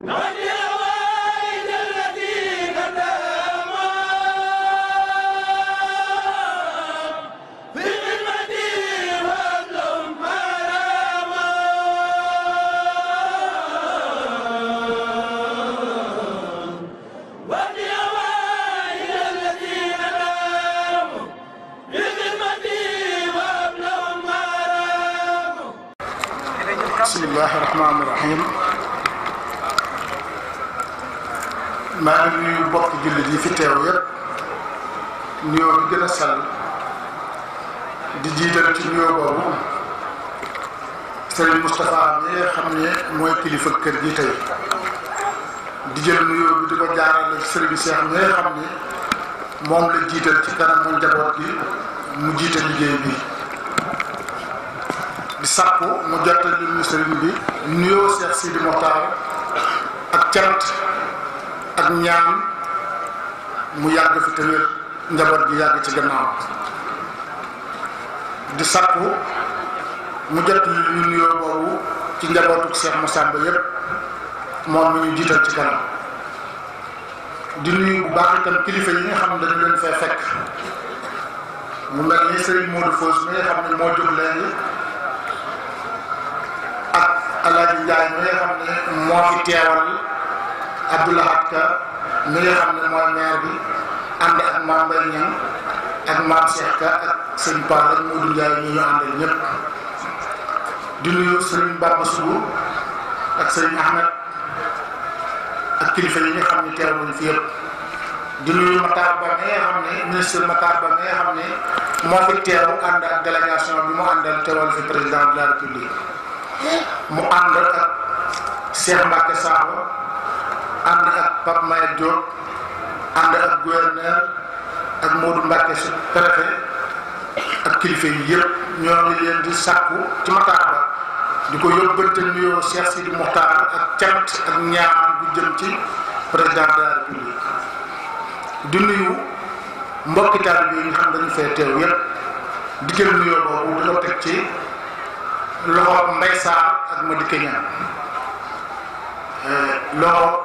Nani! jaarale sëriñ Cheikh mi nga xam ni moom la jiital ci kanamu njaboot gi mu jiital liggéey bi di sàkku mu jot li mu sëriñ bi nuyoo Cheikh Sidi Mokhtar ak cant ak mu yàgg fi tamit njaboot gi ci gannaaw di sàkku mu jot li ñu nuyoo boobu ci yépp moom mi ñu jiital ci kanam di bu baax itam kilifa yi nga xam ne dañu leen fee fekk mu mel ni Serigne Modou Fos mi nga xam ne moo jóg léegi ak Alaaji Njaay mi nga xam ne moo fi teewal Abdoulahat Ka xam ne mooy maire bi ànd ak Mame Mbaye Niang ak Mame Cheikh ak sëñ Palla ak Modou Njaay ñu ñu àndal ñëpp di nuyu Serigne Bamba Sougou ak Serigne Ahmed kilifa yi nga xam ne teew nañ fi yëpp di nuyu Matar Ba nga xam ne ministre Matar Ba nga xam ne moo fi teew ànd ak délégation bi mu àndal teewal fi président de la république mu ànd ak Cheikh Mbacke Sakho ànd ak pap Maye Diop ànd ak gouverneur ak Modou Mbacke su préfet ak kilifa yi yëpp ñoo ngi leen di sàkku ci Matar Ba di ko yóbbante nuyoo Cheikh Sidi Mouhtar ak cant ak ñaar bu jëm ci président de la république di nuyu mbokki taalibe nga xam dañu fee teew yépp di jël nuyoo boobu dina teg ci loxo Mbaye Sarr ak Madické Niang eh, loxo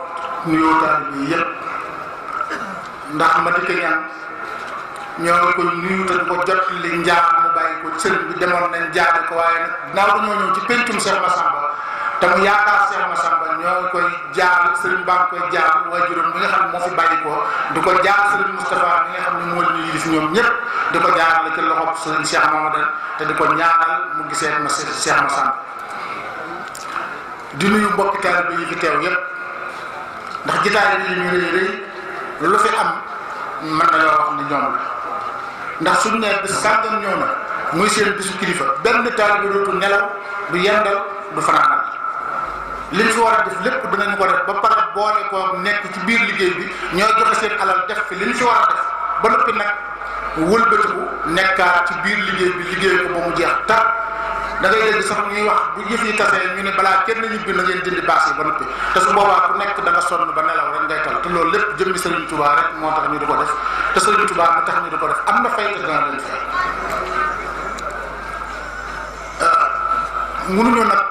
nuyoo taalibe yi yépp ndax Madické Niang ñoo ngi koy nuyu te ko jot li njaax mu bàyyi ko sëriñ bi demoon nañ jaare ko waaye nag naaw dañoo ñëw ci pencum Cheikh Massamba tam yaakaar Cheikh Massamba ñoo koy jaar Serigne Ba koy jaar waajuram bi nga xam ne moo fi bàyyi ko di ko jaar Serigne Moustapha mi nga xam ne moo ñu gis ñoom ñëpp di ko jaarale ci loxob Serigne Cheikh Mamadou te di ko ñaanal mu gisee ma Cheikh sambal di nuyu mbokki bi yi fi teew yëpp ndax gitaar yi ñu rëy rëy lu fi am mën nañoo wax ni ñoom la ndax suñu nee bis sàngam ñëw na muy seen bisu kilifa benn taal bi dootu nelaw du yendal du fanaanal liñ fi war a def lépp dinañ ko def ba pare boole ko nekk ci biir liggéey bi ñoo joxe seen alal def fi liñ fi war a def ba noppi nag wëlbatiku nekkaat ci biir liggéey bi liggéey ko ba mu jeex tar da ngay dégg sax ñuy wax bu yëf yi tasee ñu ne balaa kenn ñibbi na ngeen dindi baas yi ba noppi te su boobaa ku nekk da nga sonn ba nelaw rek ngay te loolu lépp jëmmi tax ñu di ko def te Serigne Touba moo ñu di ko def am na fay te dana leen fay euh, mënuñu nag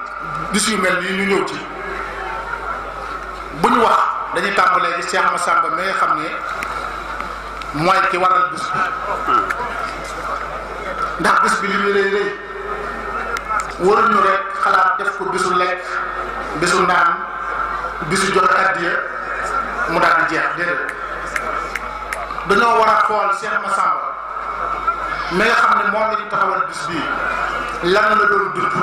bis yu mel nii ñu ñëw ci. buñ wax dañuy tambalé ci Cheikh Massamba samba nga xamné moy waral bis ndax bis bi li lay lay waru ñu rek xalaat def ko bisu lek bisu naan bisu jox addiya mu dal di jeex déedéet dañu wara xol Cheikh Massamba mi nga xamné mo la taxawal bis bi lan la doon dund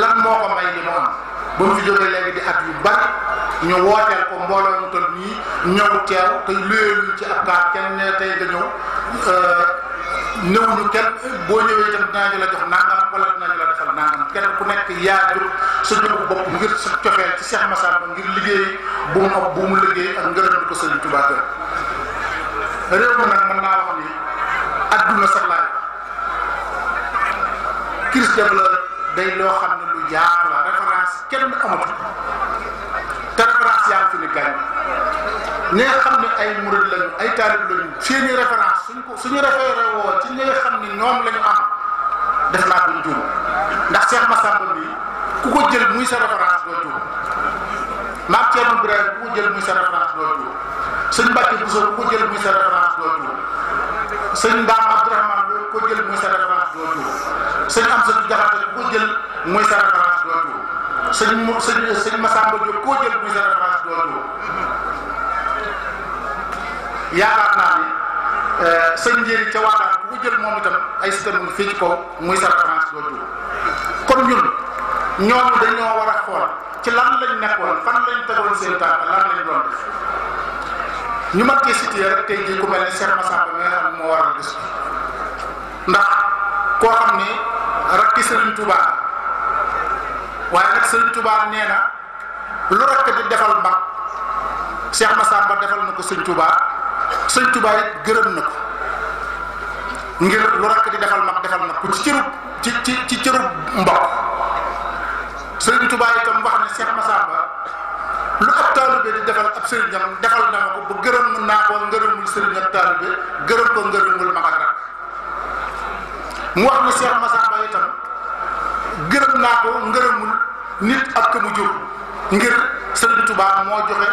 lan moko may li mo am ba fi jógee légui di at yu bari ñu wooteel ko mbooloo mu toll nii ñëw teew te luyeeluñ ci ab kaar kenn ne nga ñëw euh, néewuñu kenn boo ñëwee itam dinaa ñu la jox nangam wala dinaa ñu la defal nangam kenn ku nekk yaa jur sa jëmmu bopp ngir sa cofeel ci Cheikh Massamba ngir liggéey bu mu am bu mu liggéey ak ngërëm ko Sëriñ Tuubaa gën réew mi nag day loo xam ne lu yaatu la référence kenn amatu ñi nga xam ne ay murid lañu ay taalib lañu seeni suñ ko suñu référé woo ci ñi nga xam ne noom lañu ñu am def naa duñ juum ndax Cheikh Massamba bi ku ko jël muy sa référence doo juum Maam Thierno Birahim ku ko jël muy sa référence doo juum sëñ ba Bousso ku ko jël muy sa référence doo juum sëñ Mbaam Abdourahmane loolu ku ko jël muy sa référence doo juum sëñ Amsatou Diakhaté ku jël muy sa référence doo juum sëñ sëñ sëñ Massamba Diop ku ko jël muy sa référence doo juum yaakaar naa ne euh, sëñ njëriñ ca waagaan bu ko jël moom itam ay système fii ci kaw muy sa référence doo jur kon ñun ñoom dañoo war a xool ci lan lañ nekkoon fan lañ tegoon seen tànk ñu mag cee cité rek tey jii ku mel ne Cheikh Massamba mi nga xam ne moo waral bis bi ndax xam ni rakki Serigne Touba waaye nag Serigne Touba nee na lu rakk di defal mag Cheikh Massamba defal na ko Serigne Touba. sëñ Tuubaa it gërëm na ko ngir lu rakk di defal mag defal na ko ci cërub ci ci ci cërub mbokk sëñ Tuubaa itam wax ne Cheikh Massamba lu ab taalibe di defal ab sëriñam defal na ko bu gërëm naa ko ngërëmul sëriñ ak taalibe gërëm ko ngërëmul mag ak rakk mu wax ne Cheikh Massamba itam gërëm naa ko ngërëmul nit ak mu jur ngir sëriñ Tuubaa moo joxe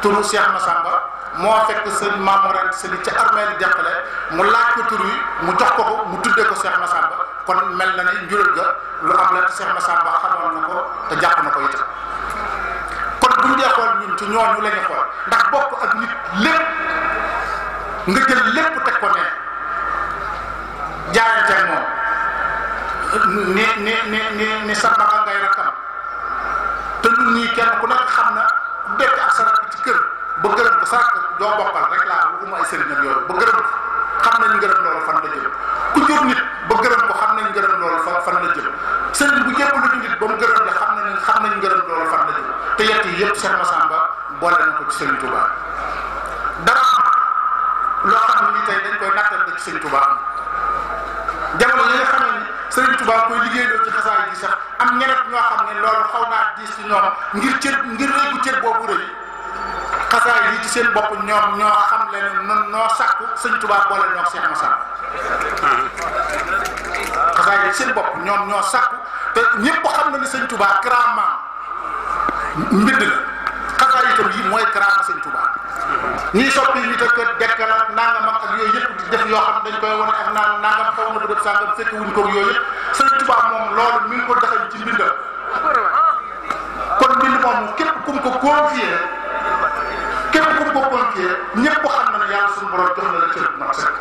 turu Cheikh Massamba moo fekk sëñ Mamour Anta Sali ca armeel Dexële mu laaj ko tur wi mu jox ko ko mu tuddee ko seex Cheikh Massamba kon mel na ne njural ga lu am la te Cheikh Massamba xamoon na ko te jàpp na ko itam kon buñ dee xool ñun ci ñooñu la ñu xool ndax bokk ak nit lépp nga jël lépp teg ko ne jaayante moom ni ni ni ni ni sambaka ngay rakkam te ñun ñii xam na ku dekk ak sa rakk ci kër ba gërëm ko sa doo bokkal rek laa waxuma ay sëriñ ak yooyu ba gërëm xam nañ gërëm loolu fan la jëm ku jur nit ba gërëm ko xam nañ gërëm loolu fan fan la jëm sëriñ bu jëpp lu ci ba xam nañ xam nañ gërëm loolu fan la jëm te yett yi yëpp Cheikh Massamba boole na ko ci Sëriñ Touba loo xam ne ni tey dañ koy nattal ci Sëriñ Touba jamono yi nga xam ne Sëriñ Touba koy liggéeyloo ci xasaay gi sax am ñeneen ñoo xam ne loolu xaw naa diis ci ñoom ngir cër ngir rëy bu cër boobu rëy xasaay yi ci seen bopp ñoom ñoo xam leen ñoo noo sàkku sëñ Tuubaa boole ñoo Seex Musaa xasaay yi ci seen bopp ñoom ñoo sàkku te ñëpp xam na ni sëñ mooy karaama sëñ Tuubaa ñuy soppi ñu te def yoo xam dañ koy wane ak naan def sàngam wuñ ko yooyu yëpp sëñ moom loolu mi ko daxal ci mbindam kon mbind moom képp kum ko confié képp ku bokkul ci ñëpp xam na ne yàlla borom jox na la cër bu mat sëkk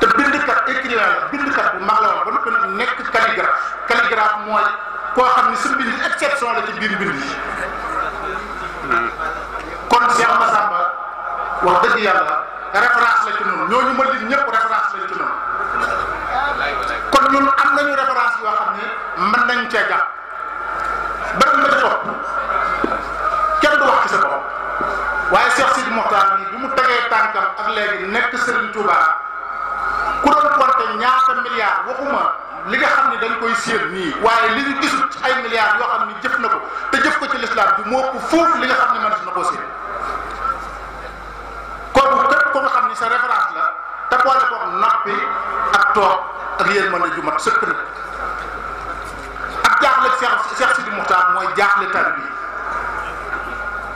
te bindkat écrivain la bindkat bu mag la ba noppi nag calligraphe calligraphe mooy koo xam ne sa exception la ci yi kon Cheikh Massamba wax référence la ci ma référence la ci kon ñun am nañu référence nañ léegi nekk Serigne Touba ku doon porté ñaata milliards waxuma li nga xam ni dañ koy séer nii waaye li ñu gisul ci ay milliards yoo xam ni jëf na ko te jëf ko ci lislaam bi moo ko foofu li nga xam ne man na ko séer kooku képp ko nga xam ni sa référence la te boole ko nappi ak toog ak yéen mën na ju mat sëkk ak jaaxle Cheikh Cheikh Sidi Moukhtar mooy jaaxle tali bi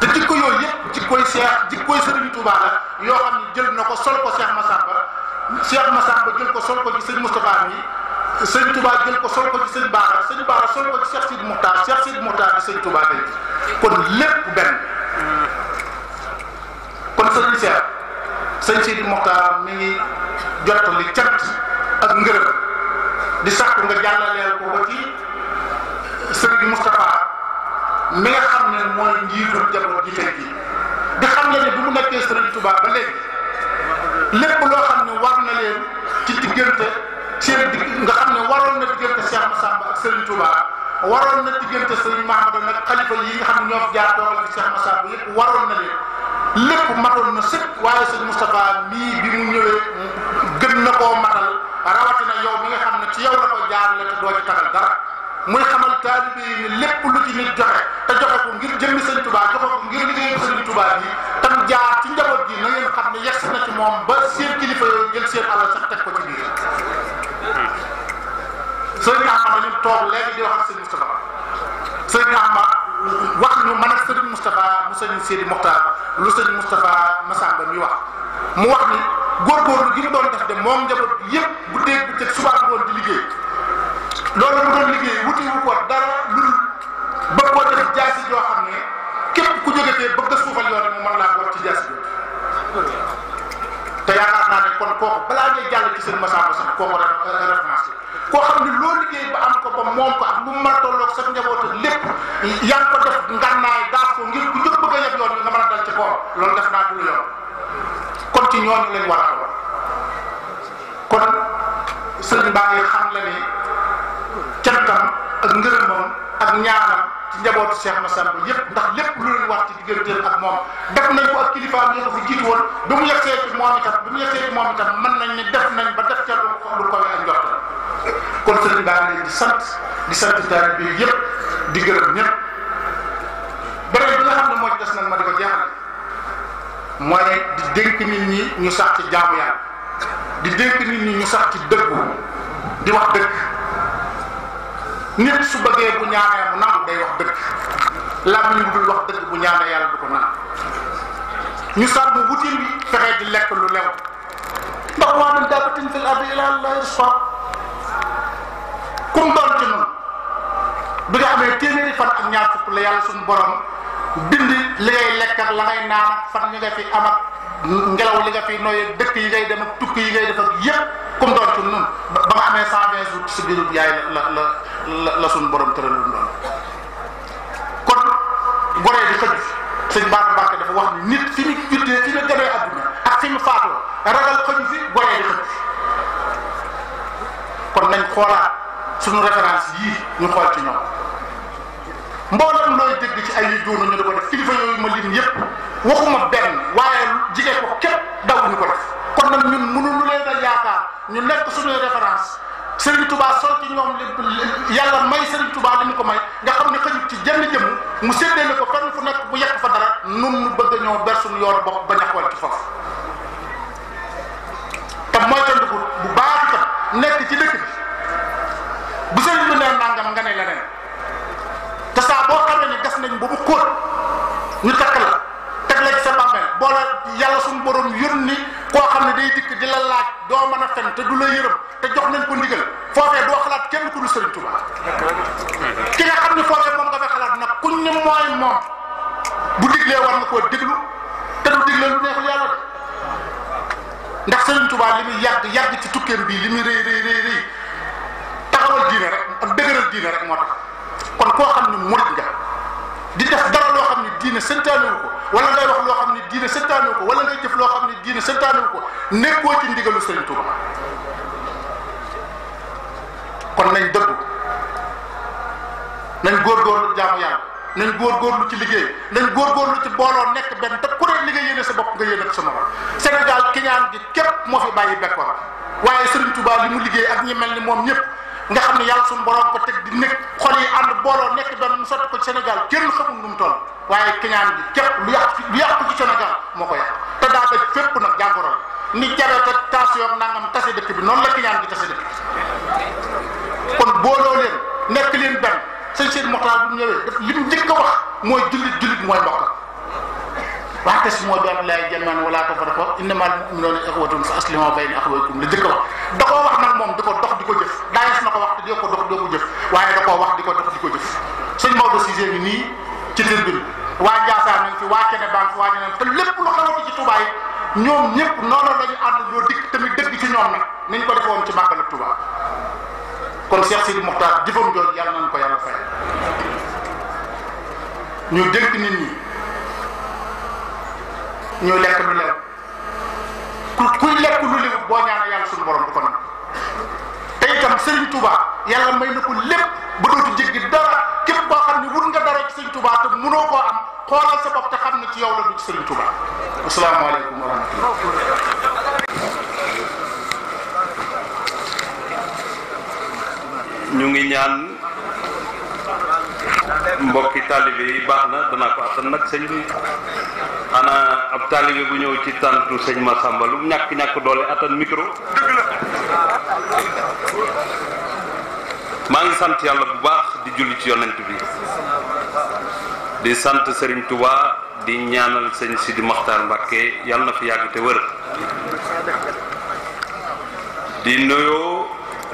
te jikko yooyu yëpp jikkoy Cheikh jikkoy Serigne Touba la yoo xam ne jël na ko sol ko Cheikh Massamba Cheikh ba jël ko sol ko ci sëñ Moustapha mi sëñ tubaa jël ko sol ko ci sëñ Baara sëñ Baara sol ko ci Cheikh Sidi Moukhtar Cheikh Sidi Moukhtar di sëñ Touba kon lépp benn kon sëñ Cheikh sëñ Sidi Moukhtar mi ngi jot li cant ak ngërëm di sàkku nga jàllaleel ko ba ci sëriñ Moustapha mi nga xam ne mooy njiitu jamono ji tey jii. di xam ne ni bu mu nekkee Serigne Touba ba léegi lépp loo xam ne war na leen ci diggante seen digg nga xam ne waroon na diggante Cheikh Massamba ak Serigne Touba waroon na diggante Serigne Mahamadou nag xalifa yi nga xam ne ñoo fi jaar toogal Cheikh Massamba yëpp waroon na leen lépp matoon na sëkk waaye Serigne Moustapha mii bi mu ñëwee gën na koo matal rawatina yow mi nga xam ne ci yow la ko jaarale te doo ci dara. muy xamal taalibe yi ne lépp lu ci nit joxe te joxe ko ngir jëmmi sëñ Tuubaa joxe ko ngir liggéey sëñ Tuubaa bi tam jaar ci njaboot gi na ngeen xam ne yegg na ci moom ba seen kilifa yooyu jël seen alal sax teg ko ci biir. sëñ Ahmad dañu toog léegi di wax ak sëñ Moustapha sëñ Ahmad wax ñu man ak sëñ Moustapha mu sëñ Sidi lu sëñ Moustapha Massamba mi wax mu wax ni góorgóorlu gi mu doon def de moom njaboot bi yëpp bu dégg bu teg suba ngoon di liggéey. loolu mu doon liggéey wuti wu ko dara lu bëgg koo def jaasi joo xam ne képp ku jóge fee bëgg a suufal yoon mu mën laa ko ci jaasi joo te yaakaar ne kon kooku balaa ngay jàll ci seen masamba sax kooku référence koo xam ne loo ko ba moom ko ak lu mu mën a tolloog sa njaboot ak lépp yaa ngi ko a yeb yoon nga mën ci kawam loolu def naa du yoon kon ci ñooñu lañ war a kon sëñ baa xam la ak ngërëmam ak ñaanam ci njabootu Cheikh Massamba yëpp ndax lépp lu leen war ci digganteel ak moom def nañ ko ak kilifaam yi ko fi jiitu woon ba mu yegsee ci moom itam ba mu yegsee ci moom itam mën nañ ne nañ ba def ca lu ko ak njort kon sëriñ di sant di sant taalibe yëpp di gërëm ñëpp beneen bi nga xam ne moo ci des nag ma di ko jeexal mooy di dénk nit ñi ñu sax ci jaamu yàlla di dénk nit ñi ñu sax ci dëggu di wax dëgg. nit su bëggee bu ñaanee mu nangu day wax dëgg làmmiñ bu dul wax dëgg bu ñaanee yàlla du ko nangu ñu sàmm wutil bi fexe di lekk lu lew ndax waa min daabatin fil ardi illa bi nga amee téeméeri fan la yàlla suñu borom bindi li ngay lekk la ngay naan fan ñu nga fi am ngelaw li nga fi nooy dëkk yi ngay dem ak tukki yi ngay def ak yépp kum doon ci noonu ba nga amee cent vingt jours ci biir yaay la la. la la suñ borom tëral lu noonu kon goree di xëju sëñ Bara Mbacke dafa wax ni nit fi ñu juddee fi ñu gënee adduna ak fi ñu faatoo ragal xëju fi goree di xëju kon nañ xoolaat suñu référence yii ñu xool ci ñoom mboolem looy dégg ci ay yu doonu ñu di ko def kilifa yooyu ma lim yépp waxuma benn waaye jigéen ko képp daw ñu ko def kon nag ñun mënuñu leen a yaakaar ñu nekk suñuy référence Serigne tubaa sol ci ñoom li yàlla may Serigne Touba li mu ko may nga xam ne xëjut ci jenn jëmm mu séddale ko fenn fu nekk bu yekk fa dara nun nu bëgg a ñëw ber suñu yoon bopp ba ñaxwal ci foofu te bu baax itam nekk ci dëkk bi bu Serigne bi nee nangam nga ne leneen te saa boo xamee ne gas nañ ba bu ñu takk la teg la ci sa bàmmeel boola yàlla suñu borom yónni koo xam ne day dikk di la laaj doo mën a fen te la yërëm te jox nañ ko ndigal foofee doo xalaat kenn ku dul Sëriñ Tuuba ki nga xam ne foofee moom nga fay xalaat nag kuñ ne mooy moom bu diglee war nga ko déglu te du diglee lu neexul yàlla de ndax Sëriñ Tuuba li muy yàgg yàgg ci tukkeem bii li muy rëy rëy rëy rëy taxawal diine rek ak dëgëral diine rek moo tax kon koo xam ne murit nga di def dara loo xam ne diine sëntaanewu ko wala ngay wax loo xam ne diine santaane ko wala ngay jëf loo xam ne diine santaane ko nekkoo ci ndigalu Sëriñ Tuuba kon nañ dëggu nañ góorgóorlu jaamu yàlla nañ góorgóorlu ci liggéey nañ góorgóorlu ci booloo nekk benn te ku ne li nga yéene sa bopp nga yéene sa morom Sénégal kiñaan gi képp moo fi bàyyi bekkoor waaye Sëriñ Tuuba li mu liggéey ak ñi mel ni moom ñëpp. nga xamni yalla sun borom ko tek di nek xol yi and booloo nek do mu sot ko senegal Sénégal kenn xamul nu mu toll waaye kiñaan bi képp lu fi lu yàq ci senegal moko ko ta da ba fepp nak jangoro ni jaro ta tension nangam tase dekk bi non la kenyan bi tase dekk bi kon booloo len nek len benn sëñ seen mokhtar bu ñewé ñëwee daf li mu njëkk a wax moy jullit jullit mooy mbokk waxte si moo doon lay jamaan wala tafarraqu innamal mu'minuna ikhwatun fa aslimu bayna akhawaykum li njëkk wax da koo wax nak mom diko dox diko ko jëf mayees na ko wax te doo ko dox doo jëf waaye da koo wax di ko dox di ko jëf sëñ Maodo Cissé bi nii ci tribune waa Ndiassane nañ fi waa Kene baa fi waa ñeneen te lépp ci Touba ñoom ñëpp noonu la ñu na ñoo dikk tamit dëgg ci ñoom nag nañ ko defoon ci màggalu Touba kon Cheikh Sidi Mokhtar jëfam jooju nañ ko yàlla fay ñu dénk nit ñi ñu lekk lu lew ku kuy lekk lu lew boo ñaanee yàlla suñu borom du ko nag sëriñ Touba yàlla may dara nga dara ci Touba te am sa te ci yow la du ci Touba. wa ñu ngi ñaan mbokki talibé yi baxna dana ko atal nak señ bi ana ab talibé bu ñew ci tantu señ ma sambalu ñak ñak doole atal micro. deug la. maa ngi sant yàlla bu baax di julli ci yonent bi di sant sëriñ tuba di ñaanal sëñ Sidi Maxtaar Mbàkke yàlla na fi yàgg te wër di nuyoo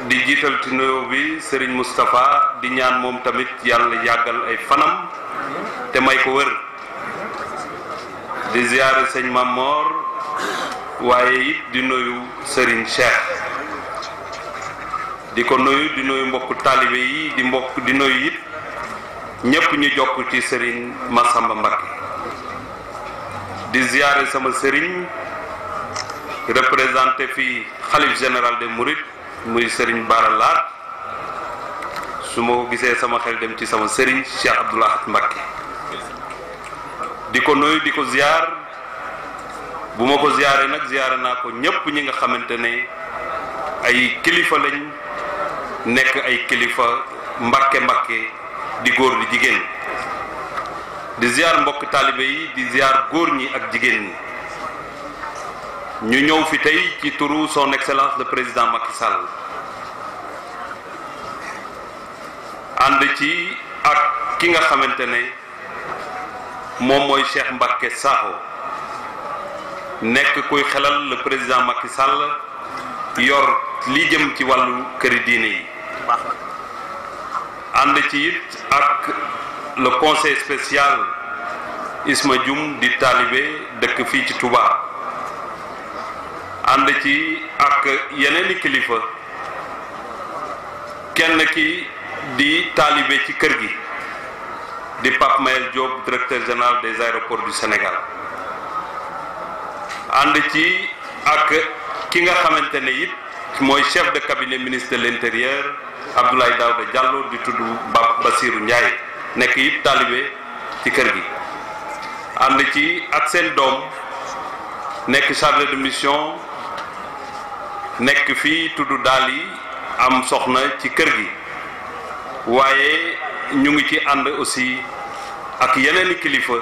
di jiital ci nuyoo bi Serigne Moustapha di ñaan moom tamit yàlla yàggal ay fanam te may ko wër di ziyaare sëñ Mamor waaye it di nuyu Serigne Cheikh di ko nuyu di nuyu mbokku taalibe yi mbokk di nuyu it ñu jokk sëriñ Massamba Mbacké di sama sëriñ représenté fii xalif général des Mourides muy sëriñ Bara Laat su ma ko gisee sama xel ci sama sëriñ Cheikh Abdoul Ahad Mbacké di ko nuyu di ko ziyaar bu ma ko ziyaaree nag ziyaare naa ko ñépp ñi nga xamante ne ay kilifa lañ nekk ay kilifa mbakke mbakke di góor di jigéen di ziar mbokk taalibe yi di ziar góor ñi ak jigéen ñi ñu ñëw fi tey ci turu son excellence le président Macky Sall ànd ci ak ki nga xamante ne moom mooy Cheikh Mbacké Sakho nekk kuy xelal le président Macky Sall yor li jëm ci wàllu këri diine yi baax ànd ci it ak le conseil spécial Isma Dioum di taalibe dëkk fii ci Touba ànd ci ak yeneeni kilifa kenn ki di taalibe ci kër gi di Pape Mayel Diop directeur général des aéroports du Sénégal ànd ci ak ki nga xamante ne it mooy chef de cabinet ministre de l'intérieur Abdoulaye Daouda Diallo di tudd Ba Basirou nekk it taalibe ci kër gi ànd ci ak seen doom nekk chargé de mission nekk fii tudd daal yi am soxna ci kër gi waaye ñu ngi ci ànd aussi ak yeneeni kilifa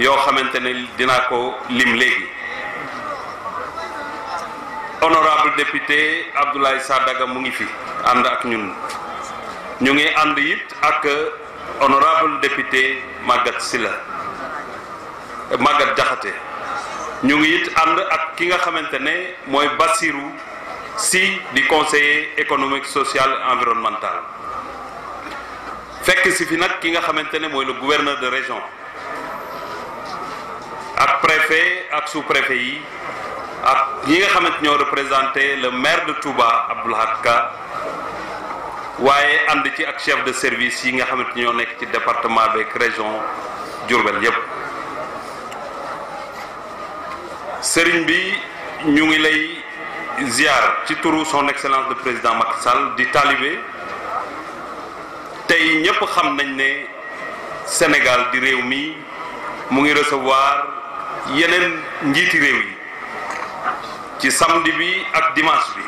yoo xamante ne dinaa ko lim léegi honorable député Abdoulaye Sadaga mu ngi fi nous ak ñun ñu ngi ànd honorable député Magat Sila. Magat Djakate nous ngi it ànd ak ki nga Bassirou di conseiller économique social et environnemental fekk si fi nag ki nga xamante le gouverneur de région ak préfet ak sous-préfet ak ñi nga xamante ñoo représenté le maire de Touba Abdou Hakka Ka waaye ànd ci ak chef de service yi nga xamante ñoo nekk ci département beeg région Diourbel yépp sëriñ bi ñu ngi lay ziar ci turu son excellence de président Macky Sall di talibé tey ñépp xam nañ ne Sénégal di réew mi mu ngi recevoir yeneen njiiti réew yi ci samedi bi ak dimanche bi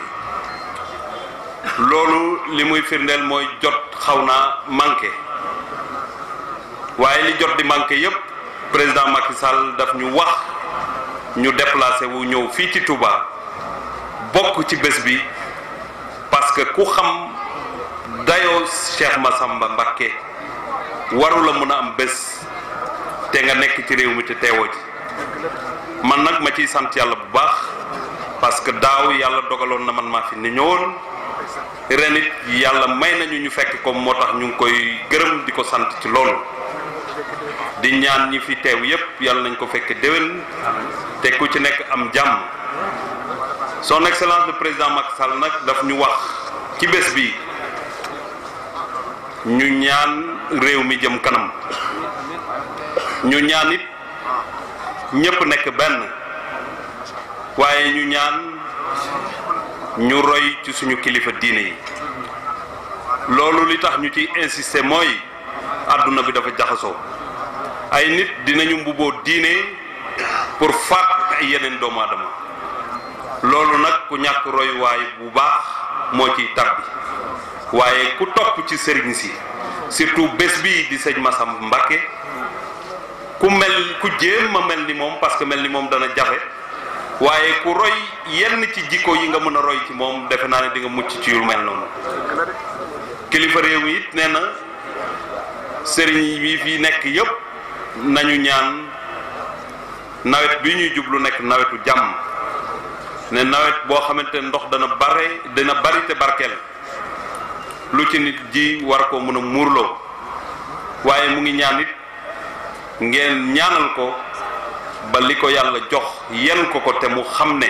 loolu li muy firndeel mooy jot xaw naa manqué waaye li jot di manqué yépp président Macky Sall daf ñu wax ñu déplacé wu ñëw fii ci Touba bokk ci bés bi parce que ku xam dayoo Cheikh Massamba Mbacké waru la mën a am bés te nga nekk ci réew mi te teewoo ji man nag ma ciy sant yàlla bu baax parce que daw yalla dogalon na man ma fi ni ñewon renit yalla may nañu ñu fekk ko motax ñu koy gërem diko sant ci lool di ñaan ñi fi tew yépp yalla nañ ko fekk dewel te ku ci nekk am jam son excellence le président Macky Sall nak daf ñu wax ci bi ñu ñaan réew mi jëm kanam ñu ñaan nit ñepp nekk benn waaye ñu ñaan ñu roy ci suñu kilifa diine yi loolu li tax ñu ci insister mooy àdduna bi dafa jaxasoo ay nit dinañu mbubboo diine pour faat ay yeneen doomu aadama loolu nag ku ñàkk royuwaay bu baax moo ciy tabbi waaye ku topp ci sëriñ si surtout bés bii di sëñ Massamba Mbacké ku mel ku jéem ma mel ni moom parce que mel ni moom dana jafe waaye ku roy yenn ci jikko yi nga mën a roy ci moom defe naa ne di mucc ci yu mel noonu kilifa réew mi it nee na sëriñ yi fi nekk yëpp nañu ñaan nawet bi ñuy jublu nekk nawetu jàmm ne nawet boo xamante ndox dana bare dina bari te barkeel lu ci nit ji war ko mën a muurloo waaye mu ngi ñaan it ngeen ñaanal ko ba li ko yàlla jox yen ko ko te mu xam ne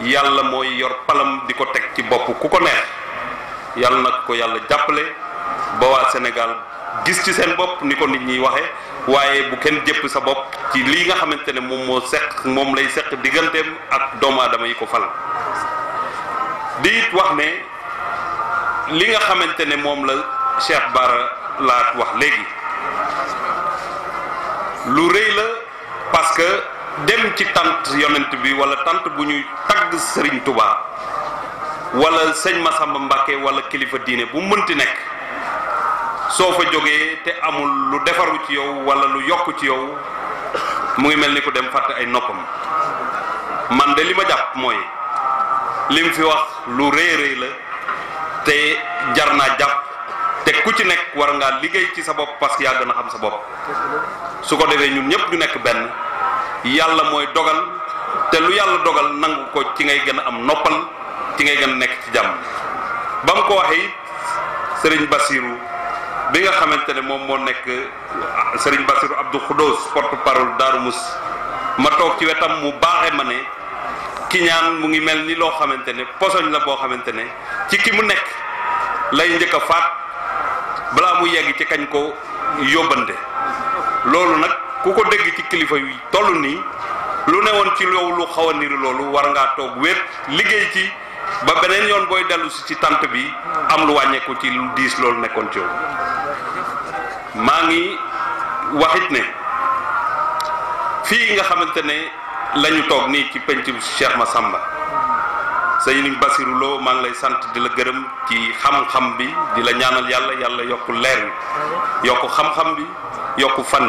yàlla mooy yor palam di ko teg ci bopp ku ko neex yàlla nag ko yàlla jàppale ba waa Sénégal gis ci seen bopp ni ko nit ñi waxee waaye bu kenn jëpp sa bopp ci lii nga xamante ne moom moo moom lay seq digganteem ak doomu aadama yi ko fal di wax ne li nga xamante ne moom la Cheikh Bara laat wax léegi lu rëy la parce que dem ci tante yonent bi wala tante bu ñuy tagg sëriñ Touba wala serigne Massamba mbake wala kilifa diine bu meunti nek sofa joge te amul lu defaru ci yow wala lu yok ci yow mu ngi melni ko dem fàtte ay nopam man de lima japp moy lim fi wax lu la te jarna japp te ku ci nek war nga liggey ci sa bop parce que ben. xam sa bop su ko ñun ñëpp ñu nek benn. yàlla mooy dogal te lu yàlla dogal nangu ko ci ngay gën a am noppal ci ngay gën nekk ci jàmm ba mu ko waxee it sëriñ Basiru bi nga xamante ne moom moo nekk sëriñ Basiru Abdou Khoudous porte parole Darou Mouss ma toog ci wetam mu baaxe ma ne ki ñaan mu ngi mel ni loo xamante ne posoñ la boo xamante ne ci ki mu nekk lay njëkk a faat balaa mu yegg ci kañ ko yóbbante loolu nag ku ko dégg ci kilifa yu tollu ni lu newon ci loolu lu xaw a war nga tok wet liggey ci ba benen yon boy dellu ci tante bi am lu ko ci lu dis lolu nekkon ci yow ngi waxit ne fi nga xamantene ne lañu tok ni ci penc Cheikh Massamba sayni Basiru Lo ma ngi lay sant di la gërëm ci xam-xam bi di la ñaanal yalla yalla yokku leer yokku xam-xam bi yokku fan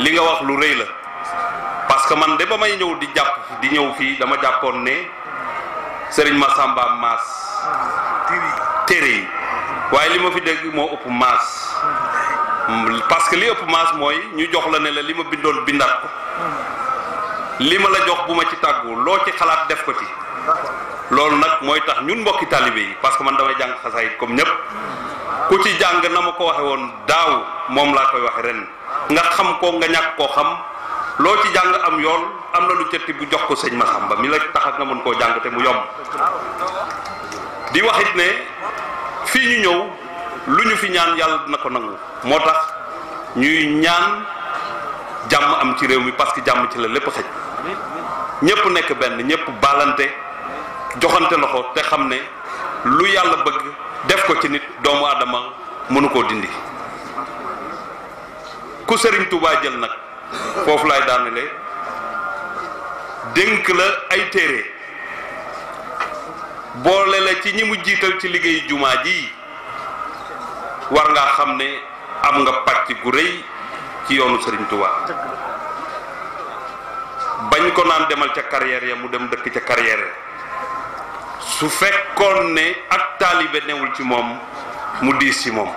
li nga wax lu reey la parce que man de ba may ñew di japp di ñew fi dama jàppoon ne serigne Massamba maas téré waye lima ma fi dégg mo upp lima parce que li upp maas moy ñu jox la ne la lima bindon bindat ko lima la jox bu ma ci taggu lo ci xalaat def ko ci lool nak moy tax ñun mbokki talibé yi parce que man dama jang xassay comme ñep ku ci jang waxe koy wax ren nga xam ko nga ñàkk koo xam loo ci jàng am yoon am na lu cëtti bu jox ko sëñ Massamba mi la tax nga mën koo jàng te mu yomb di waxit ne fii ñu ñëw lu ñu fi ñaan yàlla dina ko nangu moo tax ñuy ñaan jàmm am ci réew mi parce que jàmm ci la lépp xëj ñëpp nekk benn ñëpp baalante joxante loxo te xam ne lu yàlla bëgg def ko ci nit doomu aadama mënu koo dindi ku sëriñ Touba jël nag foofu lay daanale dénk la ay téere boole la ci ñi mu jiital ci liggéey jumaa ji war nga xam ne am nga pàcc gu rëy ci yoonu sëriñ Touba bañ ko naan demal ca carrière ya mu dem dëkk ca carrière su fekkoon ne ak taalibe newul ci moom mu diis ci moom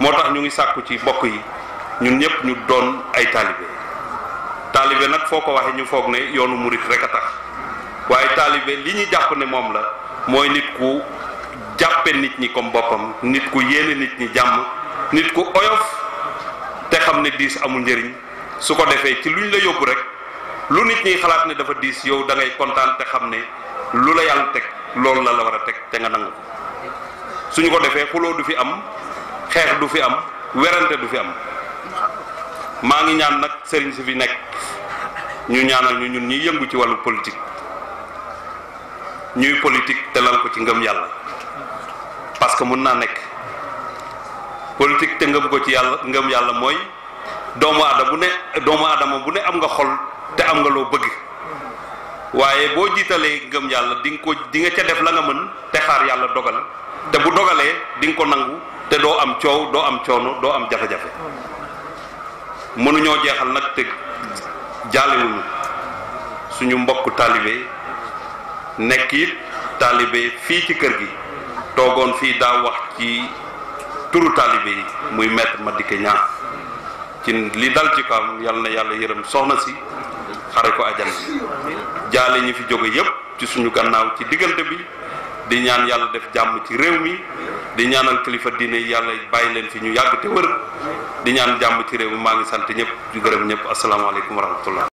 moo tax ñu ngi sàkku ci bokk yi ñun ñëpp ñu doon ay taalibe taalibe nag foo ko waxee ñu foog ne yoonu murit rekk a tax waaye taalibe li ñu jàpp ne moom la mooy nit ku jàppe nit ñi comme boppam nit ku yéene nit ñi jàmm nit ku oyof te xam ne diis amul njariñ su ko defee ci luñ la yóbbu rek lu nit ñi xalaat ne dafa diis yow da kontaan te xam ne lu la yàlla teg loolu la la war a teg te nga nangu ko suñu ko defee xuloo du fi am xeex du fi am werante du fi am maa ngi ñaan nag sëriñ si fi nekk ñu ñaanal ñu ñun ñuy yëngu ci wàllu politique ñuy politique te lal ko ci ngëm yàlla parce que mun naa nekk politique te ngëm ko ci yàlla ngëm yàlla mooy doomu aadama bu ne doomu aadama bu ne am nga xol te am nga loo bëgg waaye boo jiitalee ngëm yàlla di nga ko di nga ca def la nga mën te xaar yàlla dogal te bu dogalee di nga ko nangu te doo am coow doo am coono doo am jafe-jafe mënuñoo jeexal nag te jaalewuñu suñu mbokk taalibe nekk it taalibe fii ci kër gi toogoon fii daa wax ci turu taalibe yi muy ma dikk Niang ci li dal ci kawam yal na yàlla yërëm soxna si xare ko ajal jaale ñu fi jóge yépp ci suñu gannaaw ci diggante bi di ñaan yàlla def jàmm ci réew mi di ñaanal kilifa diine yàlla bàyyi leen fi ñu yàgg te wër di ñaan jàmm ci réew mi maa ngi sant ñëpp di gërëm ñëpp asalaamaaleykum wa rahmatullah